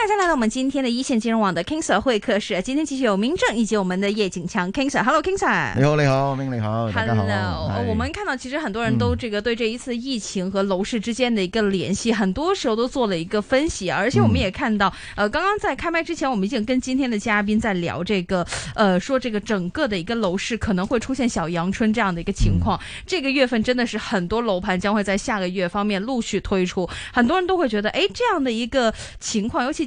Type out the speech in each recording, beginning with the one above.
大家來到我們今天的一線金融網的 King Sir 會客室，今天繼續有明正以及我們的葉景強 King Sir，Hello King Sir，你好，你好，明你好，Hello. 大家好。Hi 我們看到，其實很多人都這個對這一次疫情和樓市之間的一個聯繫，很多時候都做了一個分析，嗯、而且我們也看到，呃，剛剛在開麥之前，我們已經跟今天的嘉賓在聊這個，呃，說這個整個的一個樓市可能會出現小陽春這樣的一個情況。嗯、這個月份真的是很多樓盤將會在下個月方面陸續推出，很多人都會覺得，哎，這樣的一個情況，尤其。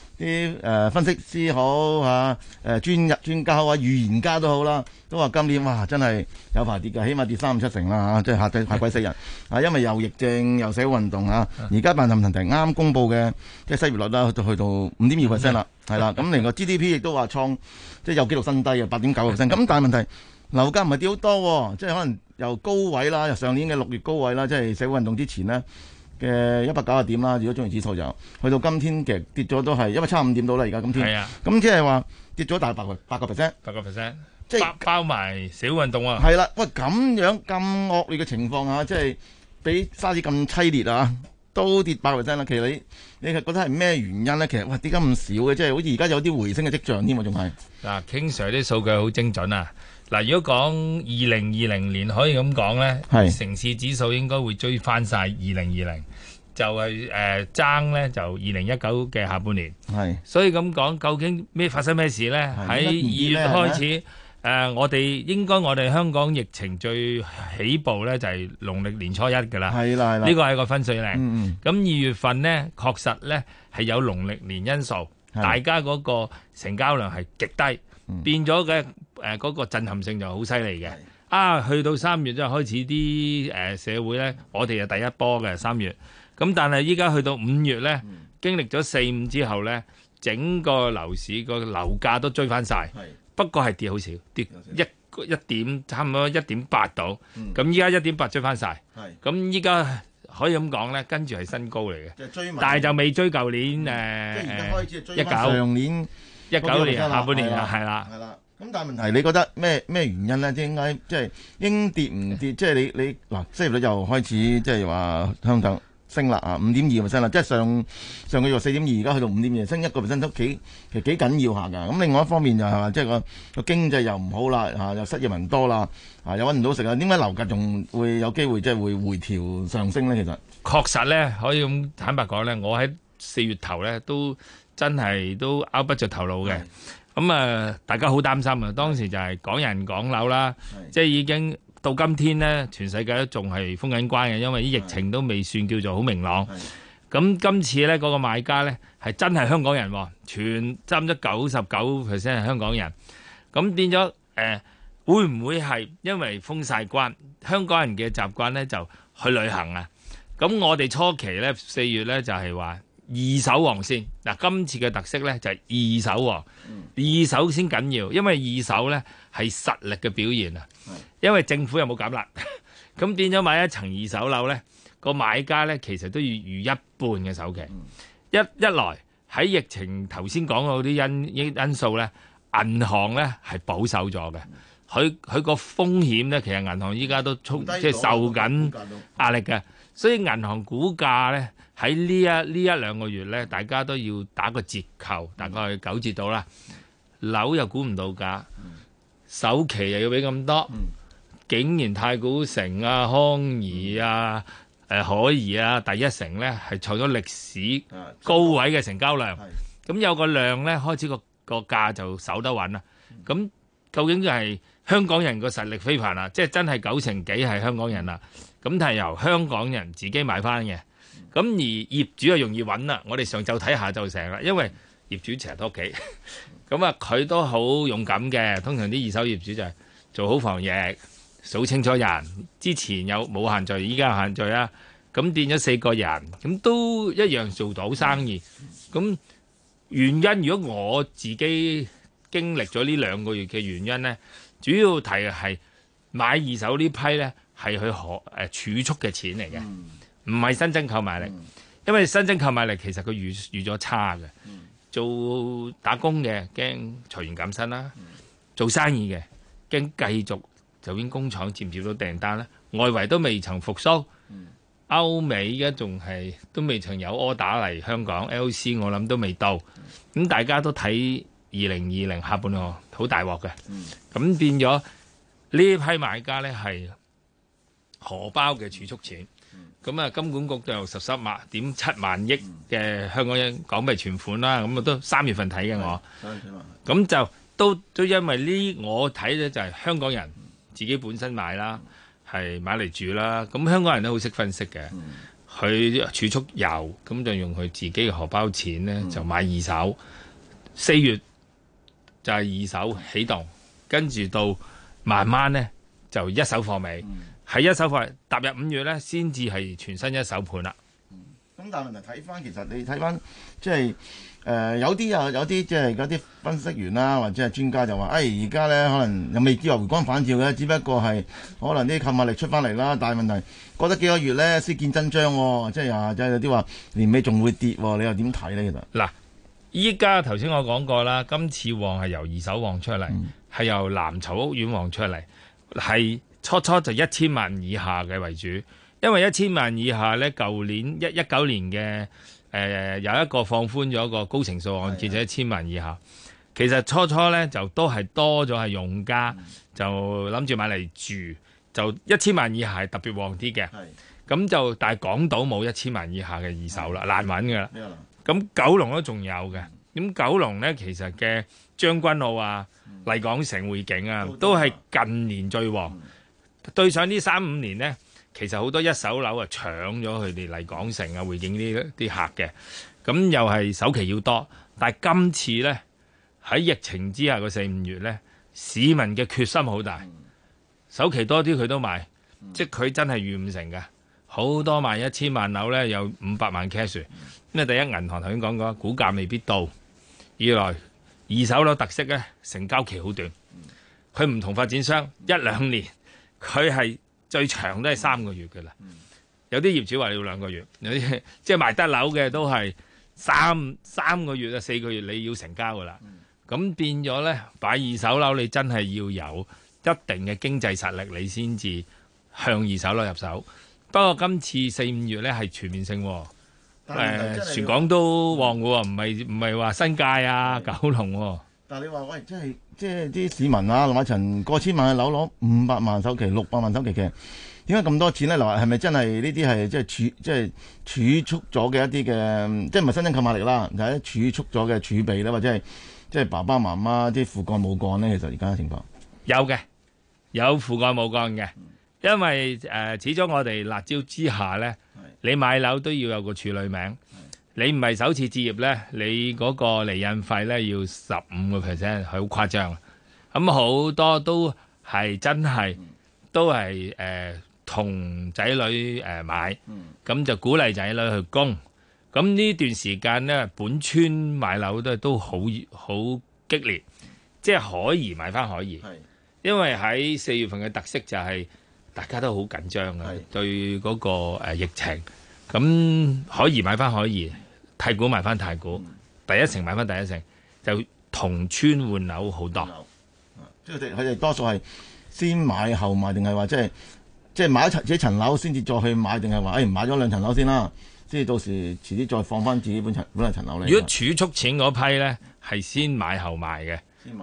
啲誒、呃、分析師好嚇，誒、啊呃、專、專家或者預言家都好啦，都話今年哇真係有排跌嘅，起碼跌三五七成啦嚇、啊，即係下，下跌排鬼四日。啊，因為又疫症又社會運動嚇，而、啊、家、啊、辦臨停停啱公布嘅即係失業率啦，去到五點二 percent 啦，係啦。咁另外 GDP 亦都話創即係有紀錄新低的的啊，八點九 percent。咁但係問題樓價唔係跌好多喎，即係可能由高位啦、啊，由上年嘅六月高位啦，即係社會運動之前呢。啊嘅一百九十點啦，如果中原指數就有去到今天其實跌咗都係一百七十五點到啦而家今天，咁、啊、即係話跌咗大約八個 percent，八個 percent，即係包埋社會運動啊，係啦、啊，喂咁樣咁惡劣嘅情況啊，即、就、係、是、比沙士咁淒烈啊，都跌八個 percent 啦。其實你你係覺得係咩原因咧？其實喂點咁少嘅？即係好似而家有啲回升嘅跡象添、啊、喎，仲係嗱 King Sir 啲數據好精準啊。嗱，如果講二零二零年可以咁講呢，是城市指數應該會追翻晒二零二零，就係誒爭呢就二零一九嘅下半年。是所以咁講，究竟咩發生咩事呢？喺二是月開始，呢呃、我哋應該我哋香港疫情最起步呢，就係農曆年初一㗎啦。係啦，係啦。呢個係個分水嶺。嗯咁、嗯、二月份呢，確實呢，係有農曆年因素，的大家嗰個成交量係極低。變咗嘅誒嗰個震撼性就好犀利嘅，啊去到三月即係開始啲誒社會咧，我哋就第一波嘅三月。咁但係依家去到五月咧，經歷咗四五之後咧，整個樓市個樓價都追翻曬。不過係跌好少，跌一一點差唔多一點八度。咁依家一點八追翻曬。咁依家可以咁講咧，跟住係新高嚟嘅。但係就未追舊年誒一九，一九年下半年啦，係啦、啊，係啦、啊。咁、啊、但係問題，你覺得咩咩原因咧？即係應該，即係應跌唔跌？即、就、係、是、你你嗱，失業率又開始即係話香港升啦啊，五點二又升啦。即係、就是、上上個月四點二，而家去到五點二，升一個 percent 都幾其實幾緊要下㗎。咁另外一方面就係、是、話，即、就、係、是那個個經濟又唔好啦，嚇、啊、又失業人多啦，嚇、啊、又揾唔到食啊。點解樓價仲會有機會即係、就是、會回調上升咧？其實確實咧，可以咁坦白講咧，我喺四月頭咧，都真係都拗不著頭腦嘅。咁啊，大家好擔心啊。當時就係港人港樓啦，即係已經到今天咧，全世界都仲係封緊關嘅，因為啲疫情都未算叫做好明朗。咁今次咧，嗰個買家咧，係真係香港人，全差唔多九十九 percent 係香港人。咁變咗誒，會唔會係因為封曬關，香港人嘅習慣咧就去旅行啊？咁我哋初期咧四月咧就係話。二手王先嗱，今次嘅特色呢就係二手王。嗯、二手先緊要，因為二手呢係實力嘅表現啊。是因為政府又冇減壓，咁 變咗買一層二手樓呢，個買家呢其實都要預一半嘅首期。嗯、一一來喺疫情頭先講到啲因因素呢，銀行呢係保守咗嘅。嗯佢佢個風險咧，其實銀行依家都衝，即係受緊壓力嘅，所以銀行股價咧喺呢一呢一兩個月咧，大家都要打個折扣，大概九折到啦。樓又估唔到價，首期又要俾咁多，竟然太古城啊、康怡啊、誒海怡啊、第一城咧，係創咗歷史高位嘅成交量，咁有個量咧，開始個個價就守得穩啦。咁究竟就係？香港人個實力非凡啦，即係真係九成幾係香港人啦。咁但係由香港人自己買翻嘅。咁而業主又容易揾啦。我哋上晝睇下就成啦，因為業主成日都屋企咁啊，佢都好勇敢嘅。通常啲二手業主就係做好防疫，數清楚人之前有冇限聚？依家有限聚啊。咁變咗四個人，咁都一樣做到生意。咁原因如果我自己經歷咗呢兩個月嘅原因呢。主要提嘅係買二手呢批呢，係佢可誒儲蓄嘅錢嚟嘅，唔係、嗯、新增購買力。嗯、因為新增購買力其實佢預預咗差嘅。嗯、做打工嘅驚裁員減薪啦，嗯、做生意嘅驚繼續就邊工廠接唔接到訂單啦。外圍都未曾復甦，嗯、歐美依家仲係都未曾有柯打嚟香港。LC 我諗都未到，咁、嗯、大家都睇。二零二零下半年哦，好大鑊嘅，咁變咗呢批買家呢，係荷包嘅儲蓄錢，咁啊、嗯、金管局就有十三萬點七萬億嘅香港人港幣存款啦，咁、嗯、都三月份睇嘅是我，咁就都都因為看呢，我睇呢就係、是、香港人自己本身買啦，係、嗯、買嚟住啦，咁香港人都好識分析嘅，佢、嗯、儲蓄油咁就用佢自己嘅荷包錢呢，就買二手四、嗯、月。就係二手起動，跟住到慢慢咧就一手貨尾，喺、嗯、一手貨踏入五月咧先至係全新一手盤啦。咁但係睇翻其實你睇翻即係有啲啊有啲即係嗰啲分析員啦或者係專家就話誒而家咧可能又未叫做回光返照嘅，只不過係可能啲購物力出翻嚟啦。但係問題過得幾個月咧先見真章喎、哦，即、就、係、即係、有啲話年尾仲會跌喎，你又點睇咧其實？嗱。依家頭先我講過啦，今次旺係由二手旺出嚟，係、嗯、由藍籌屋苑旺，旺出嚟，係初初就一千萬以下嘅為主，因為一千萬以下呢，舊年一一九年嘅誒、呃、有一個放寬咗個高成數案件，就的一千萬以下，其實初初呢，就都係多咗係用家，就諗住買嚟住，就一千萬以下係特別旺啲嘅，咁就的但係港島冇一千萬以下嘅二手啦，的難揾㗎啦。咁九龍都仲有嘅，咁九龍呢，其實嘅將軍澳啊、麗港城、匯景啊，都係近年最旺。對上呢三五年呢，其實好多一手樓啊搶咗佢哋麗港城啊、匯景呢啲客嘅。咁又係首期要多，但係今次呢喺疫情之下個四五月呢，市民嘅決心好大，首期多啲佢都買，即係佢真係完唔成嘅。好多萬、嗯、一、千萬樓咧，有五百萬 cash。第一銀行頭先講過，估價未必到；二來二手樓特色咧，成交期好短。佢唔、嗯、同發展商一兩年，佢係最長都係三個月㗎啦。嗯、有啲業主話要兩個月，有啲即係賣得樓嘅都係三三個月啊，四個月你要成交㗎啦。咁、嗯、變咗咧，擺二手樓，你真係要有一定嘅經濟實力，你先至向二手樓入手。不過今次四五月咧係全面性喎、啊，全港都旺喎、啊，唔係唔係話新界啊、的九龍喎、啊。但係你話喂，真係即係啲市民啊、樓層過千萬嘅樓攞五百萬首期、六百萬首期嘅，點解咁多錢咧？嗱，係咪真係呢啲係即係儲即係儲蓄咗嘅一啲嘅，即係唔係新增購買力啦？係儲蓄咗嘅儲備咧、啊，或者係即係爸爸媽媽啲負幹冇幹咧？其實而家嘅情況有嘅，有負幹冇幹嘅。因為誒、呃，始終我哋辣招之下呢，是你買樓都要有個處女名。是你唔係首次置業呢，你嗰個釐印費咧，要十五個 percent，係好誇張。咁好、嗯嗯、多都係真係，都係誒、呃、同仔女誒、呃、買，咁、嗯、就鼓勵仔女去供。咁呢、嗯、段時間呢，本村買樓都都好好激烈，即、就、係、是、海怡買翻海怡，是因為喺四月份嘅特色就係、是。大家都好緊張啊！是對嗰、那個、呃、疫情，咁海怡買翻海怡，太古買翻太古，嗯、第一城買翻第一城，就同村換樓好多。即係佢哋多數係先買後賣，定係話即係即買一層一層樓先至再去買，定係話誒買咗兩層樓先啦，即係到時遲啲再放翻自己本，本層本樓咧。如果儲蓄錢嗰批咧，係先買後賣嘅，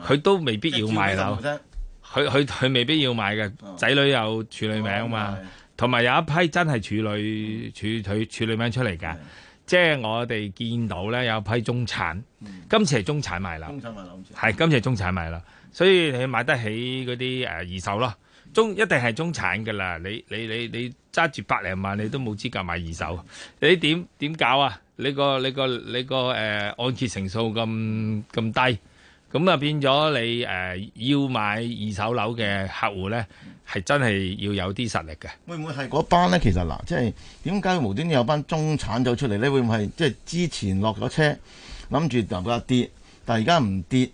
佢買都未必要買樓。佢佢佢未必要買嘅，仔女有處女名啊嘛，同埋、哦嗯、有一批真係處女、嗯、處處女名出嚟㗎。嗯、即係我哋見到咧有一批中產，嗯、今次係中產買樓，係今次係中產買樓，嗯、所以你買得起嗰啲誒二手咯，中一定係中產㗎啦，你你你你揸住百零萬你都冇資格買二手，嗯、你點點搞啊？你個你個你個誒、呃、按揭成數咁咁低。咁啊，變咗你誒要買二手樓嘅客戶咧，係真係要有啲實力嘅。會唔會係嗰班咧？其實嗱，即係點解無端端有班中產走出嚟咧？會唔會係即係之前落咗車，諗住樓價跌，但係而家唔跌？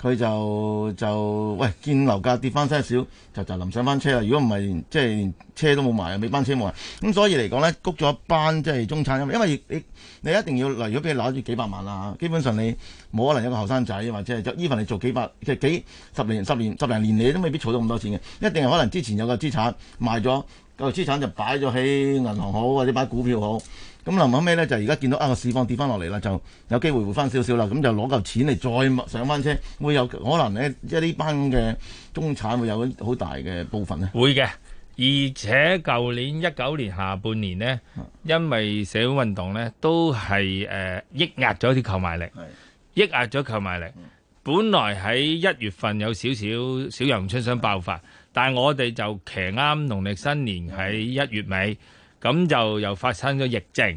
佢就就喂，見樓價跌翻少少，就就臨上翻車啦。如果唔係，即係連車都冇埋，尾班車冇埋。咁、嗯、所以嚟講呢，谷咗一班即係中產，因為你你一定要嚟。如果俾你攞住幾百萬啦，基本上你冇可能有個後生仔或者就依份你做幾百，即係幾十年、十年十零年你都未必儲到咁多錢嘅。一定係可能之前有個資產賣咗，個資產就擺咗喺銀行好，或者擺股票好。咁諗下咩咧？就而家見到啊個市況跌翻落嚟啦，就有機會回翻少少啦。咁就攞夠錢嚟再上翻車，會有可能咧，即係呢班嘅中產會有好大嘅部分咧。會嘅，而且舊年一九年下半年呢，啊、因為社會運動咧，都係誒、呃、抑壓咗啲購買力，的抑壓咗購買力。嗯、本來喺一月份有少少小陽春想爆發，的但係我哋就騎啱農曆新年喺一月尾。的咁就又發生咗疫症，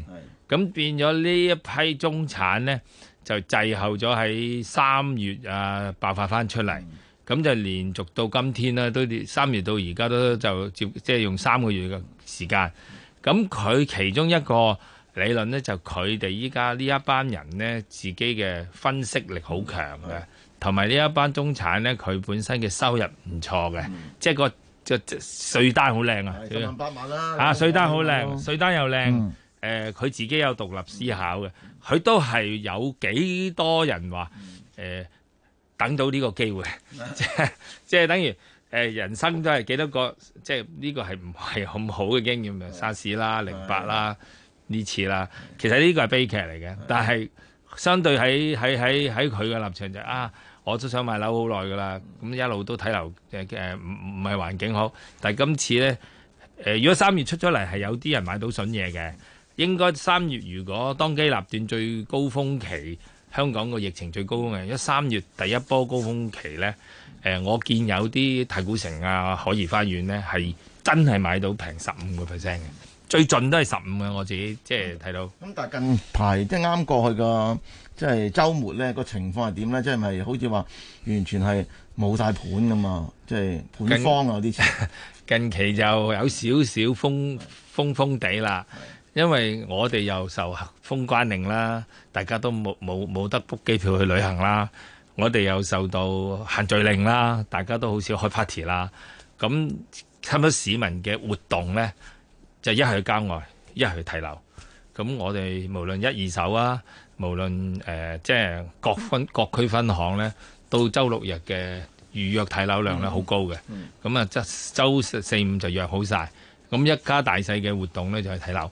咁變咗呢一批中產呢，就滯後咗喺三月啊爆發翻出嚟，咁就連續到今天啦，都三月到而家都就接，即係用三個月嘅時間。咁佢其中一個理論呢，就佢哋依家呢一班人呢，自己嘅分析力好強嘅，同埋呢一班中產呢，佢本身嘅收入唔錯嘅，嗯、即係個。稅單好靚啊！吓，稅單好靚，稅單又靚。誒，佢、呃、自己有獨立思考嘅，佢都係有幾多人話誒、呃，等到呢個機會， 即係即係等於誒、呃，人生都係幾多個，即係呢個係唔係咁好嘅經驗，沙士啦、零八啦呢的次啦。其實呢個係悲劇嚟嘅，但係相對喺喺喺喺佢嘅立場就是、啊。我都想買樓好耐㗎啦，咁一路都睇樓呃呃，唔唔係環境好，但係今次呢，呃、如果三月出咗嚟係有啲人買到筍嘢嘅。應該三月如果當機立斷最高峰期，香港個疫情最高峰嘅，因為三月第一波高峰期呢，呃、我見有啲太古城啊、海怡花園呢，係真係買到平十五個 percent 嘅。最近都係十五嘅，我自己即係睇到近。咁但係近排即係啱過去個即係周末呢個情況係點呢？即係咪好似話完全係冇晒盤咁嘛？即係盤荒啊？啲近，近期就有少少封封封地啦，因為我哋又受封關令啦，大家都冇冇冇得 book 機票去旅行啦。我哋又受到限聚令啦，大家都好少開 party 啦。咁差唔多市民嘅活動呢，就一係去郊外，一係去睇樓。咁我哋無論一二手啊，無論誒即係各分各區分行咧，到週六日嘅預約睇樓量咧好高嘅。咁啊，週週四、五就約好曬。咁一家大細嘅活動咧就係睇樓。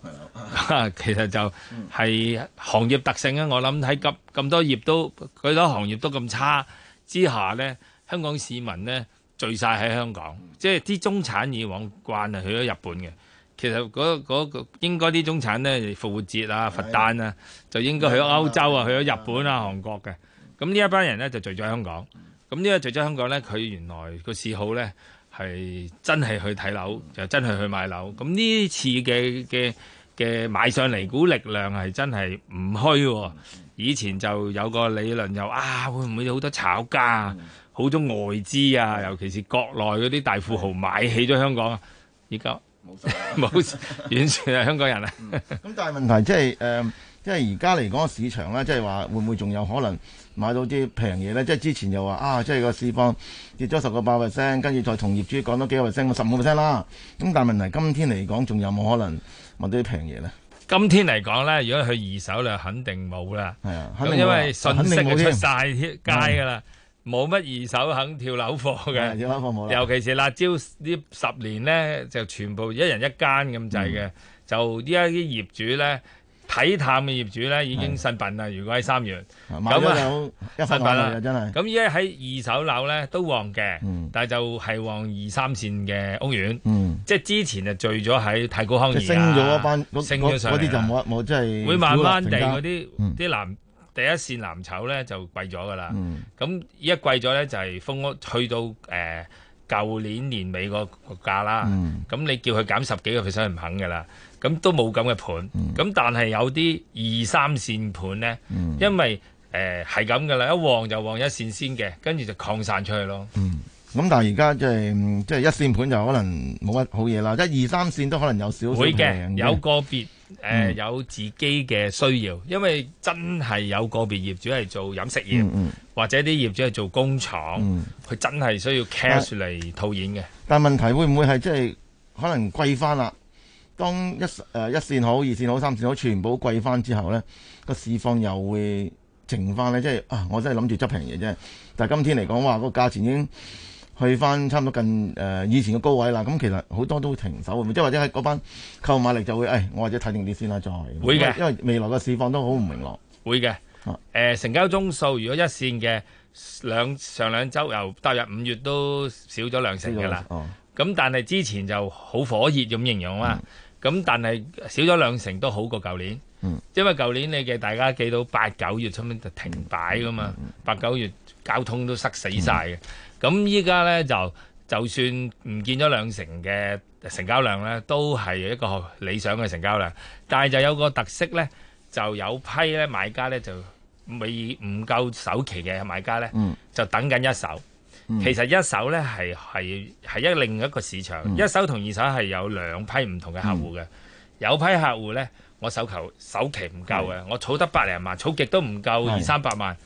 其實就係行業特性啊！我諗喺咁咁多業都幾多行業都咁差之下咧，香港市民咧聚曬喺香港。即係啲中產以往慣係去咗日本嘅。其實嗰嗰個應該啲中產咧，復活節啊、佛誕啊，就應該去咗歐洲啊，去咗日本啊、韓國嘅。咁呢一班人咧就聚咗香港。咁呢個聚咗香港咧，佢原來個嗜好咧係真係去睇樓，就真係去買樓。咁呢次嘅嘅嘅買上嚟股力量係真係唔虛。以前就有個理論又，又啊會唔會有好多炒家、好多外資啊，尤其是國內嗰啲大富豪買起咗香港，而家。冇， 完全係香港人啊、 嗯！咁但係問題，即、就、係、是，誒、呃，即係而家嚟講市場咧，即係話會唔會仲有可能買到啲平嘢咧？即係之前又話啊，即係個市況跌咗十個八 percent，跟住再同業主講多幾個 percent，十五 percent 啦。咁但係問題，今天嚟講仲有冇可能買到啲平嘢咧？今天嚟講咧，如果去二手咧，肯定冇啦。係啊，咁因為訊息肯定冇出晒街噶啦。嗯冇乜二手肯跳樓貨嘅，尤其是辣招呢十年咧，就全部一人一間咁滯嘅，就依家啲業主咧，睇淡嘅業主咧已經慎品啦。如果喺三月買咗兩一份品啦，真係。咁依家喺二手樓咧都旺嘅，但係就係旺二三線嘅屋苑，即係之前就聚咗喺太古康怡啦。升咗一班，升咗上嗰啲就冇冇，即係會慢慢地嗰啲啲南。第一線藍籌咧就貴咗噶啦，咁依家貴咗咧就係、是、封屋去到誒舊、呃、年年尾個價啦。咁、嗯、你叫佢減十幾個佢 e r 唔肯噶啦，咁都冇咁嘅盤。咁、嗯、但係有啲二三線盤咧，嗯、因為誒係咁噶啦，一旺就旺一線先嘅，跟住就擴散出去咯。咁、嗯、但係而家即係即係一線盤就可能冇乜好嘢啦，一二三線都可能有少少嘅。有個別。誒、嗯呃、有自己嘅需要，因為真係有個別業主係做飲食業，嗯嗯、或者啲業主係做工廠，佢、嗯、真係需要 cash 嚟套現嘅。但問題會唔會係即係可能貴翻啦？當一誒、呃、一線好、二線好、三線好，全部貴翻之後呢，個市況又會靜翻咧，即、就、係、是、啊！我真係諗住執平嘢啫，但係今天嚟講話、個價錢已經。去翻差唔多近、呃、以前嘅高位啦，咁、嗯、其實好多都會停手，即係或者係嗰班購買力就會，誒、哎、我或者睇定啲先啦，再會嘅的，因為未來嘅市況都好唔明朗。會嘅的、啊呃，成交宗數如果一線嘅兩上兩週又踏入五月都少咗兩成㗎啦。咁、哦、但係之前就好火熱咁形容啦、啊。咁、嗯、但係少咗兩成都好過舊年。嗯、因為舊年你嘅大家記到八九月出面就停擺㗎嘛，嗯嗯、八九月交通都塞死晒。嘅、嗯。咁依家咧就就算唔見咗兩成嘅成交量咧，都係一個理想嘅成交量。但係就有個特色咧，就有批咧買家咧就未唔夠首期嘅買家咧，就等緊一手。嗯、其實一手咧係係係一另一個市場，嗯、一手同二手係有兩批唔同嘅客戶嘅。嗯、有批客戶咧，我首求首期唔夠嘅，嗯、我儲得百零萬，儲極都唔夠二三百萬。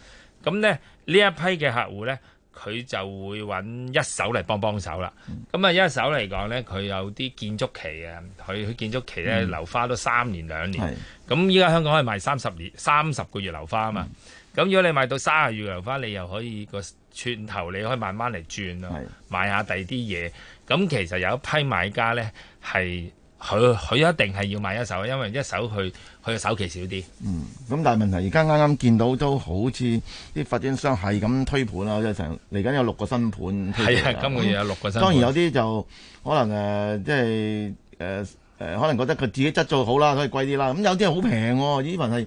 咁咧是呢一批嘅客戶咧。佢就會揾一手嚟幫幫手啦。咁啊、嗯，一手嚟講呢，佢有啲建築期啊，佢佢建築期咧、嗯、留花都三年兩年。咁依家香港可以賣三十年三十個月留花啊嘛。咁、嗯、如果你賣到三十個月留花，你又可以個寸頭，你可以慢慢嚟轉咯、啊，的買下第二啲嘢。咁其實有一批買家呢，係。佢佢一定係要買一手，因為一手佢佢嘅首期少啲。嗯，咁但係問題，而家啱啱見到都好似啲發展商係咁推盤啊，即係成嚟緊有六個新盤。係啊，今個月有六個新盤、嗯。當然有啲就可能誒、呃，即係誒誒，可能覺得佢自己質素好啦，所以貴啲啦。咁、嗯、有啲好平喎，呢份係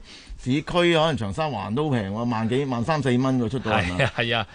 市區可能長沙灣都平喎，萬幾萬三四蚊嘅出到。係啊係啊，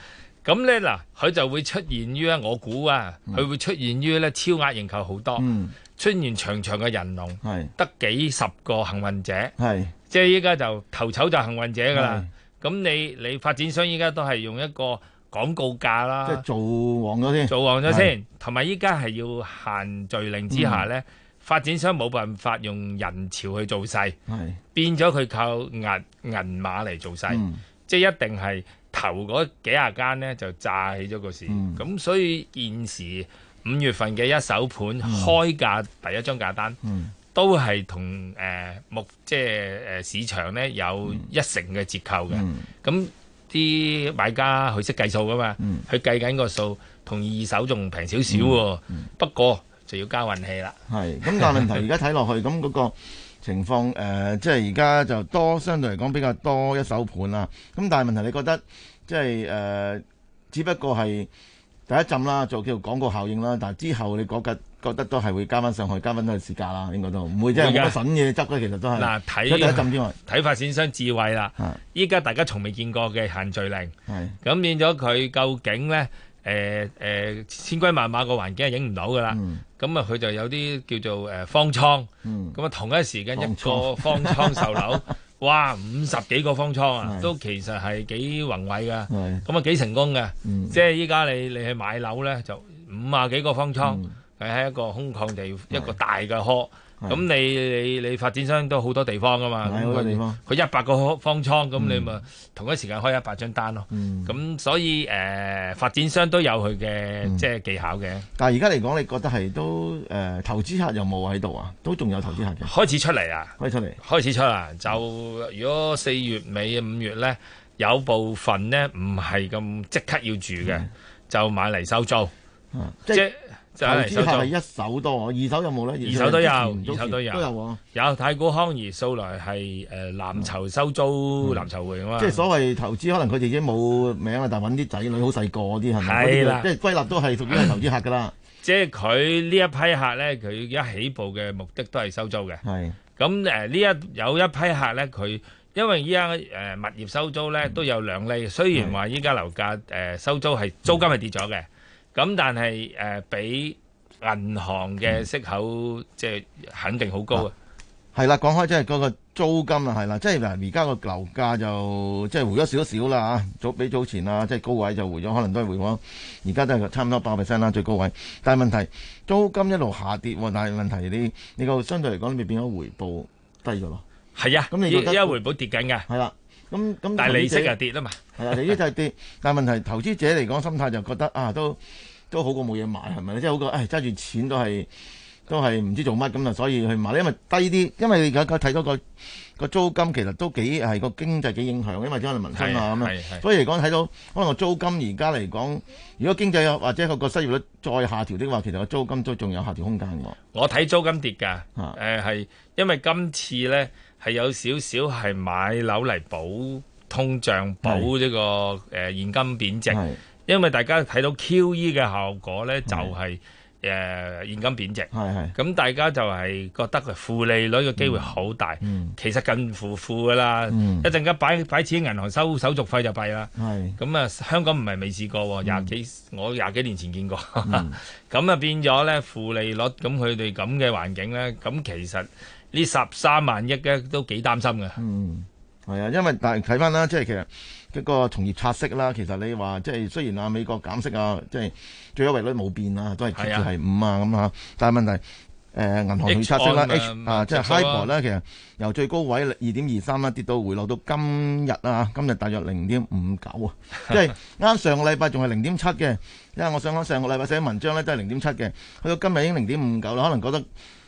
咁咧嗱，佢就會出現於我估啊，佢會出現於咧、嗯、超額認購好多。嗯。穿完長長嘅人龍，得是幾十個幸運者，是即係依家就頭籌就幸運者㗎啦。咁是你你發展商依家都係用一個廣告價啦，即係做旺咗先，做旺咗先。同埋依家係要限聚令之下咧，嗯、發展商冇辦法用人潮去做勢，是變咗佢靠銀銀碼嚟做勢，嗯、即係一定係頭嗰幾廿間咧就炸起咗個市。咁、嗯、所以現時。五月份嘅一手盤開價第一張價單，是的嗯、都係同誒目即係誒、呃、市場咧有一成嘅折扣嘅。咁啲、嗯嗯、買家佢識計數噶嘛？佢、嗯、計緊個數，同二手仲平少少喎。嗯嗯，不過就要加運氣啦。係咁，但係問題而家睇落去，咁嗰 個情況誒、呃，即係而家就多相對嚟講比較多一手盤啦。咁但係問題，你覺得即係誒、呃，只不過係。第一浸啦，叫做叫廣告效應啦。但係之後你覺得覺得都係會加翻上去，加翻多啲市價啦，應該都唔會。即係冇乜粉嘢執啦，其實都係。嗱看，睇睇發展商智慧啦。依家的大家從未見過嘅限聚令，咁的、嗯、變咗佢究竟咧？誒、呃、誒，千軍萬馬個環境係影唔到噶啦。咁啊、嗯，佢、嗯、就有啲叫做誒方艙咁啊，嗯、同一時間一個方艙售樓。方倉笑哇，五十幾個方艙啊，是都其實係幾宏偉㗎，咁啊是幾成功嘅。嗯、即係依家你你去買樓咧，就五啊幾個方艙，喺、嗯、一個空曠地，是一個大嘅殼。咁你你你發展商都好多地方㗎嘛，好多對他地方，佢一百個方艙，咁你咪同一時間開一百張單咯。咁、嗯、所以誒、呃，發展商都有佢嘅即係技巧嘅。但係而家嚟講，你覺得係都誒、呃、投資客有冇喺度啊？都仲有投資客嘅。開始出嚟啊！開始出嚟，開始出啦。就如果四月尾五月咧，有部分咧唔係咁即刻要住嘅，嗯、就買嚟收租。嗯、即係。即投資客係一手多，二手有冇咧？二手都有，二手都有，都有,啊、有。太古康怡、素來係誒，藍、呃、籌收租、藍、嗯、籌會噶嘛。即係所謂投資，可能佢哋已經冇名啊，但係搵啲仔女好細個啲係咪？係啦，是的即係歸納都係屬於係投資客噶啦、嗯。即係佢呢一批客咧，佢一起步嘅目的都係收租嘅。係的。咁誒，呢、呃、一有一批客咧，佢因為依家誒物業收租咧都有兩例，雖然話依家樓價誒、呃、收租係租金係跌咗嘅。咁但係誒、呃，比銀行嘅息口、嗯、即係肯定好高啊，啊！係啦，講開即係嗰個租金啊，係啦，即係嗱，而家個樓價就即係、就是、回咗少少啦啊！早比早前啊，即、就、係、是、高位就回咗，可能都係回往而家都係差唔多八 percent 啦，最高位。但係問題租金一路下跌喎，但係問題你你個相對嚟講，你咪變咗回報低咗咯。係啊，咁你依家回報跌緊㗎，係啦。咁咁，但係利息就跌啊嘛，係啊，利息就跌。但係問題，投資者嚟講，心態就覺得啊，都都好過冇嘢買，係咪？即係好過誒，揸住錢都係都係唔知做乜咁啊。所以去買，因為低啲，因為而家睇到個個租金其實都幾係個經濟幾影響，因為真係民生啊咁，係。所以嚟講，睇到可能個租金而家嚟講，如果經濟或者個個失業率再下調的話，其實個租金都仲有下調空間。我睇租金跌㗎，係、呃、因為今次咧。係有少少係買樓嚟補通脹，補呢個誒現金貶值，是因為大家睇到 QE 嘅效果呢，就係誒現金貶值。咁是、嗯、大家就係覺得個負利率嘅機會好大。其實近乎負㗎啦。一陣間擺擺錢喺銀行收手續費就弊啦。咁啊是香港唔係未試過喎，廿幾、嗯、我廿幾年前見過。咁啊、嗯、變咗呢負利率，咁佢哋咁嘅環境呢，咁其實。呢十三萬億嘅都幾擔心㗎。嗯，係啊，因為但係睇翻啦，即係其實一個從業拆息啦，其實你話即係雖然啊美國減息啊，即係最優惠率冇變啊，都係其實係五啊咁啊，但係問題誒銀行去拆息啦，啊即係 HIBOR 咧，其實由最高位二點二三啦，跌到回落到今日啊，今日大約零點五九啊，即係啱上個禮拜仲係零點七嘅，因為我想講上個禮拜寫文章咧都係零點七嘅，去到今日已經零點五九啦，可能覺得。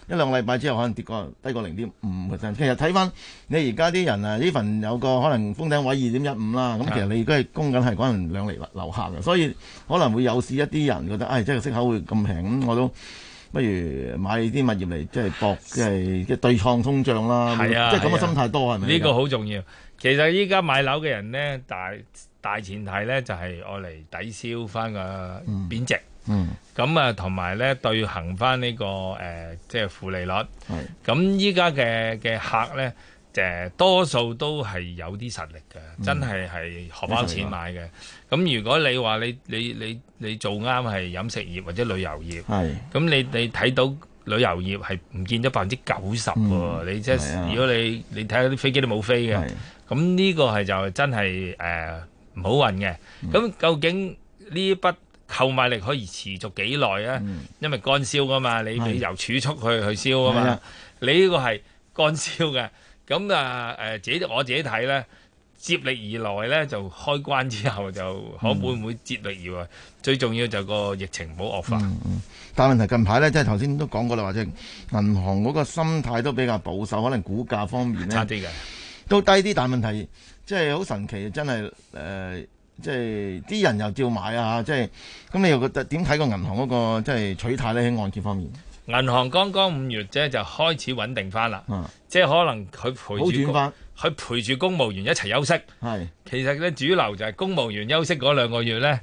一兩個禮拜之後可能跌過低過零點五 percent，其實睇翻你而家啲人啊，呢份有個可能封頂位二點一五啦，咁其實你而家係供緊係可能兩厘樓下客嘅，的所以可能會有時一啲人覺得，唉、哎，即係息口會咁平，咁我都不如買啲物業嚟即係搏，即係嘅對抗通脹啦，即係咁嘅心態多，係咪？呢個好重要。其實依家買樓嘅人呢，大大前提咧就係愛嚟抵消翻個貶值。嗯嗯，咁啊、嗯，同埋咧對行翻、這、呢個即係、呃就是、負利率。咁依家嘅嘅客咧、呃，多數都係有啲實力嘅，嗯、真係係荷包錢買嘅。咁如果你話你你你你，你做啱係飲食業或者旅遊業，咁是你你睇到旅遊業係唔見咗百分之九十喎，嗯、你即係、啊、如果你你睇下啲飛機都冇飛嘅，咁呢是個係就真係唔、呃、好運嘅。咁、嗯、究竟呢一筆？購買力可以持續幾耐啊？嗯、因為乾燒㗎嘛，你你由儲蓄去的去燒㗎嘛。是的你呢個係乾燒嘅，咁啊誒、呃，自己我自己睇咧，接力而來咧就開關之後就可會唔會接力而來？嗯、最重要就個疫情唔好惡化。但、嗯、問題近排咧，即係頭先都講過啦，話即係銀行嗰個心態都比較保守，可能股價方面呢差啲咧都低啲，但問題即係好神奇，真係誒。呃即係啲人又照買啊！即係咁，你又覺得點睇個銀行嗰個即係取態咧？喺按揭方面，銀行剛剛五月啫就開始穩定翻啦。嗯、即係可能佢陪住佢陪住公務員一齊休息。係是其實咧主流就係公務員休息嗰兩個月咧，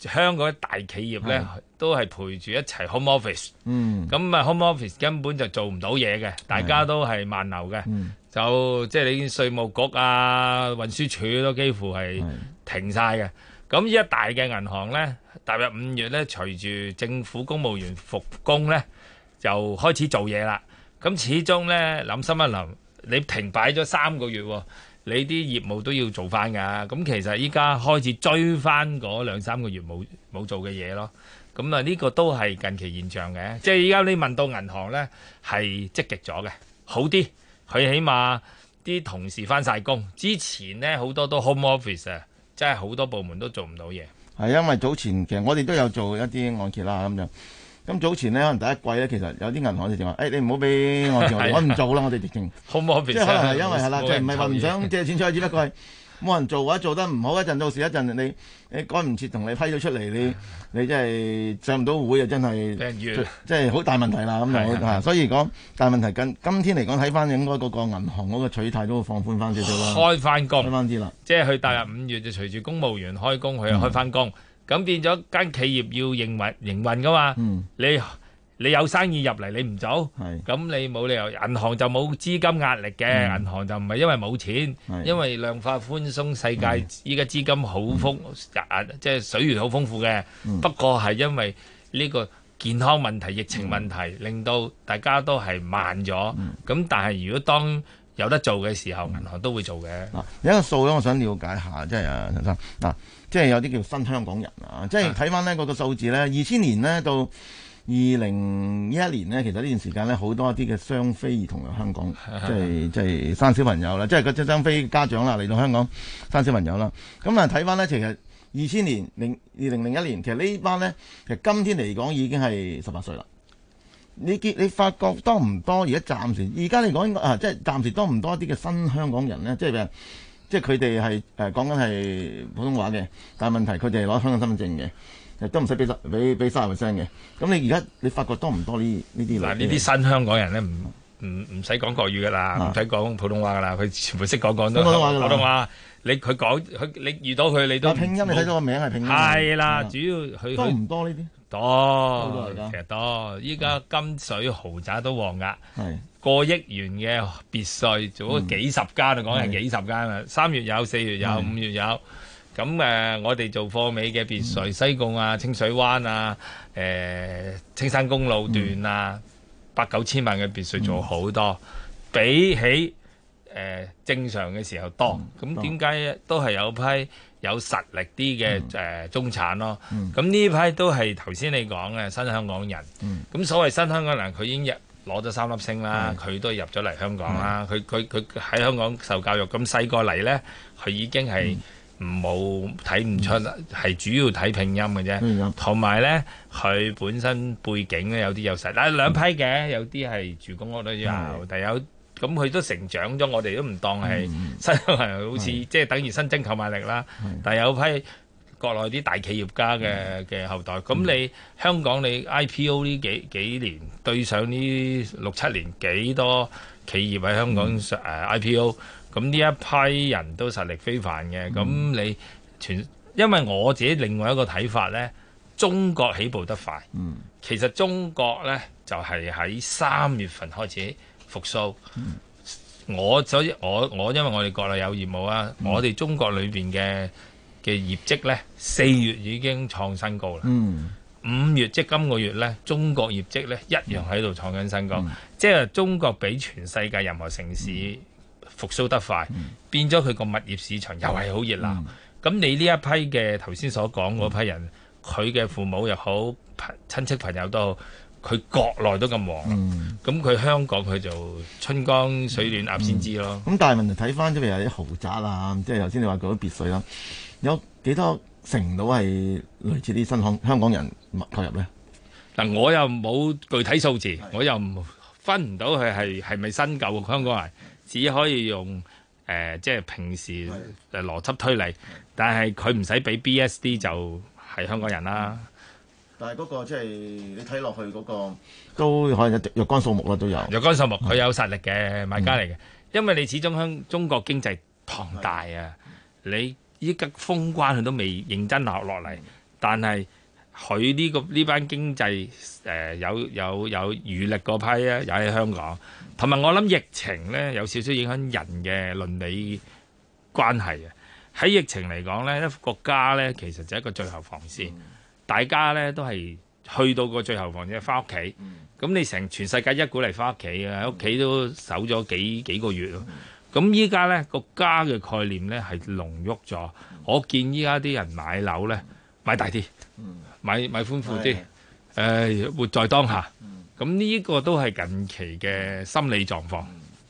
香港大企業咧都係陪住一齊 home office 是。嗯，咁啊 home office 根本就做唔到嘢嘅，大家都係慢流嘅。就即係你稅務局啊、運輸署都幾乎係停曬嘅。咁依家大嘅銀行咧，踏入五月咧，隨住政府公務員復工咧，就開始做嘢啦。咁始終咧，諗深一諗，你停擺咗三個月，你啲業務都要做翻㗎。咁其實依家開始追翻嗰兩三個月冇冇做嘅嘢咯。咁啊，呢個都係近期現象嘅。即係依家你問到銀行咧，係積極咗嘅，好啲。佢起碼啲同事翻晒工，之前咧好多都 home office 啊，即係好多部門都做唔到嘢。係因為早前其實我哋都有做一啲按揭啦，咁就咁早前咧可能第一季咧，其實有啲銀行就話，誒、哎、你唔好俾按揭， 我唔做啦， 我哋直情 home office。即係可能係因為係啦，就唔係話唔想借錢出去，只不過係。冇人做嘅話，或者做得唔好一陣，到時一陣你你趕唔切同你批咗出嚟，你、欸、你，你，你真係上唔到會啊！真係，即係好大問題啦。咁所以講，大問問題今今天嚟講，睇翻應該嗰個銀行嗰個取態都會放寬翻少少咯。開翻工，翻啲啦，即係去大約五月就隨住公務員開工，佢又開翻工，咁、嗯、變咗間企業要營運營運噶嘛。嗯，你。你有生意入嚟，你唔做咁，是你冇理由。銀行就冇資金壓力嘅，嗯、銀行就唔係因為冇錢，是因為量化寬鬆，世界依家資金好豐，即係、嗯啊就是、水源好豐富嘅。嗯、不過係因為呢個健康問題、疫情問題，令到、嗯、大家都係慢咗。咁、嗯、但係如果當有得做嘅時候，銀行都會做嘅、啊。有一個數咧，我想了解下，即、就、係、是、啊陳生嗱，即、就、係、是、有啲叫新香港人啊，即係睇翻呢個個數字呢，二千年呢到。二零一一年呢，其實呢段時間呢，好多一啲嘅雙非兒童嚟香港，即係即係生小朋友啦，即係個雙雙非家長啦嚟到香港生小朋友啦。咁啊，睇翻呢，其實二千年零二零零一年，其實呢班呢，其實今天嚟講已經係十八歲啦。你你發覺多唔多？而家暫時，而家嚟講應該啊，即係暫時多唔多啲嘅新香港人呢？即係即係佢哋係誒講緊係普通話嘅，但係問題佢哋攞香港身份證嘅，誒都唔使俾十俾俾卅 percent 嘅。咁你而家你發覺多唔多呢？呢啲嗱呢啲新香港人咧，唔唔唔使講國語㗎啦，唔使講普通話㗎啦，佢全部識講廣東廣東話。你佢講佢你遇到佢你都有拼音，你睇到個名係拼音。係啦，主要佢多唔多呢啲？多，其實多。依家金水豪宅都旺噶。係。過億元嘅別墅做咗幾十間啊，講係幾十間啦。三月有，四月有，五月有。咁誒，我哋做貨尾嘅別墅，西貢啊、清水灣啊、誒青山公路段啊，八九千萬嘅別墅做好多，比起誒正常嘅時候多。咁點解都係有批有實力啲嘅誒中產咯。咁呢批都係頭先你講嘅新香港人。咁所謂新香港人，佢已經。攞咗三粒星啦，佢都入咗嚟香港啦。佢佢佢喺香港受教育，咁細個嚟呢，佢已經係唔冇睇唔出，係主要睇拼音嘅啫。同埋呢，佢本身背景呢有啲優勢。嗱兩批嘅，有啲係住公屋都教，但有咁佢都成長咗，我哋都唔當係新好似即係等於新增購買力啦。但有批。國內啲大企業家嘅嘅後代，咁你香港你 IPO 呢幾幾年對上呢六七年幾多企業喺香港誒 IPO，咁呢一批人都實力非凡嘅，咁你全因為我自己另外一個睇法呢，中國起步得快，其實中國呢就係喺三月份開始復甦，我所以我我因為我哋國內有業務啊，我哋中國裏邊嘅。嘅業績呢，四月已經創新高啦。嗯，五月即今個月呢，中國業績呢一樣喺度創緊新高。嗯、即係中國比全世界任何城市復甦得快，嗯、變咗佢個物業市場又係好熱鬧。咁、嗯、你呢一批嘅頭先所講嗰批人，佢嘅、嗯、父母又好，親戚朋友都好，佢國內都咁旺。咁佢、嗯、香港佢就春江水暖鴨先知咯。咁但係問題睇翻咗，又有啲豪宅啊，即係頭先你話嗰啲別墅咯。有幾多成到係類似啲新香港人投入咧？嗱，我又冇具體數字，是的 我又分唔到佢係係咪新舊嘅香港人，是的 只可以用誒、呃、即係平時誒邏輯推理。是的 但係佢唔使俾 B S D 就係香港人啦。但係嗰個即係你睇落去嗰、那個都可能有若干數目啦，都有若干數目，佢有實力嘅是的 買家嚟嘅，因為你始終香中國經濟龐大啊，是的 你。依家封關佢都未認真落落嚟，但係佢呢個呢班經濟誒有有有餘力嗰批啊，又喺香港。同埋我諗疫情咧有少少影響人嘅倫理關係啊。喺疫情嚟講咧，一個家咧其實就係一個最後防線，大家咧都係去到個最後防線，翻屋企。咁你成全世界一股嚟翻屋企啊！喺屋企都守咗幾幾個月。咁依家咧個家嘅概念咧係濃郁咗。我見依家啲人買樓咧買大啲，買買寬闊啲，誒的、呃、活在當下。咁呢一個都係近期嘅心理狀況。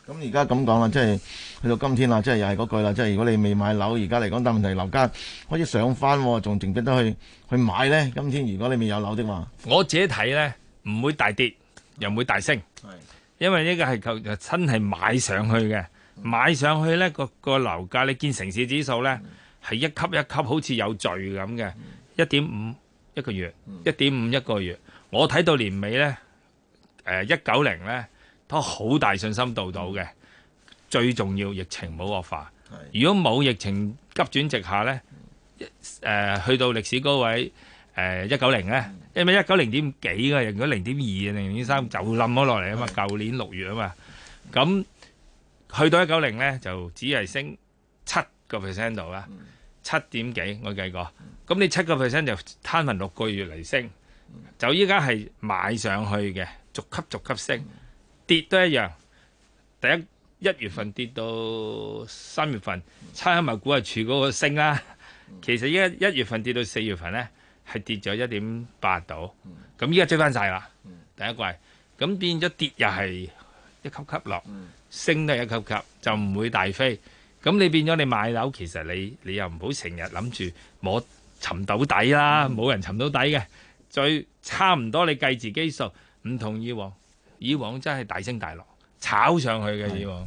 咁而家咁講啦，即係去到今天啦，即係又係嗰句啦，即係如果你未買樓，而家嚟講，但問題樓價開始上翻，仲值唔值得去去買咧。今天如果你未有樓的話，我自己睇咧唔會大跌，又唔會大升，的因為呢個係舊真係買上去嘅。買上去咧，個個樓價你見城市指數咧，係一級一級好似有序咁嘅，一點五一個月，一點五一個月。我睇到年尾咧，誒一九零咧，都好大信心度到嘅。最重要疫情冇惡化，如果冇疫情急轉直下咧，誒去到歷史高位，誒一九零咧，因為一九零點幾㗎，如果零點二、零點三就冧咗落嚟啊嘛，舊年六月啊嘛，咁。去到一九零咧，就只係升七個 percent 度啦，七點幾我計過。咁你七個 percent 就攤分六個月嚟升，就依家係買上去嘅，逐級逐級升，跌都一樣。第一一月份跌到三月份，差唔多股啊，除嗰個升啦。其實依家一月份跌到四月份咧，係跌咗一點八度。咁依家追翻曬啦。第一季咁變咗跌又係一級級落。升得一級級就唔會大飛，咁你變咗你買樓其實你你又唔好成日諗住摸沉到底啦，冇人沉到底嘅，最差唔多你計自己數，唔同以往，以往真係大升大落炒上去嘅以往。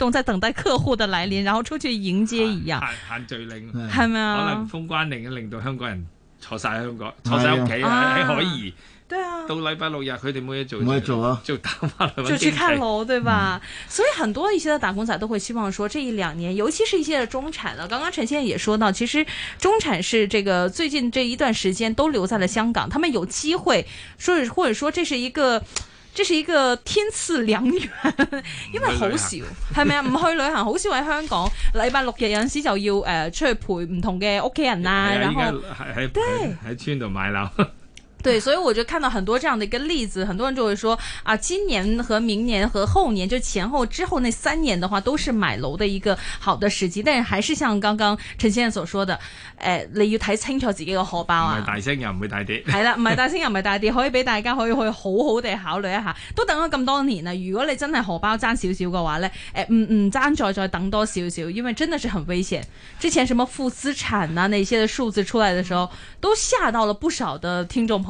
都在等待客戶的來臨，然後出去迎接一樣。限限，限聚令係咪啊？吧可能封關令令到香港人坐晒香港，坐晒屋企啊，可以。對啊。到禮拜六日，佢哋冇嘢做，冇嘢、啊、做咯，做打翻嚟。就去看樓，對吧？嗯、所以很多一些的打工仔都會希望說，這一兩年，尤其是一些的中產了。剛剛陳先生也說到，其實中產是這個最近這一段時間都留在了香港，他們有機會說，說是或者說這是一個。即係一個天賜良緣，因為好少，係咪啊？唔去旅行，好少喺香港。禮拜 六日有時就要誒出去陪唔同嘅屋企人啦，的然後喺喺喺村度買樓。對，所以我就看到很多這樣的一個例子，很多人就會說啊，今年和明年和後年，就前後之後那三年的話，都是買樓的一個好的時機。但是還是像剛剛陳先生所說的，誒、呃，你要睇清楚自己嘅荷包啊。唔係大升又唔會大跌。係 啦，唔係大升又唔係大跌，可以俾大家可以去好好地考慮一下。都等咗咁多年啦，如果你真係荷包爭少少嘅話咧，誒、呃，唔唔爭再再等多少少，因為真的是很危險。之前什麼負資產啊，那些的數字出來的時候，都嚇到了不少的聽眾朋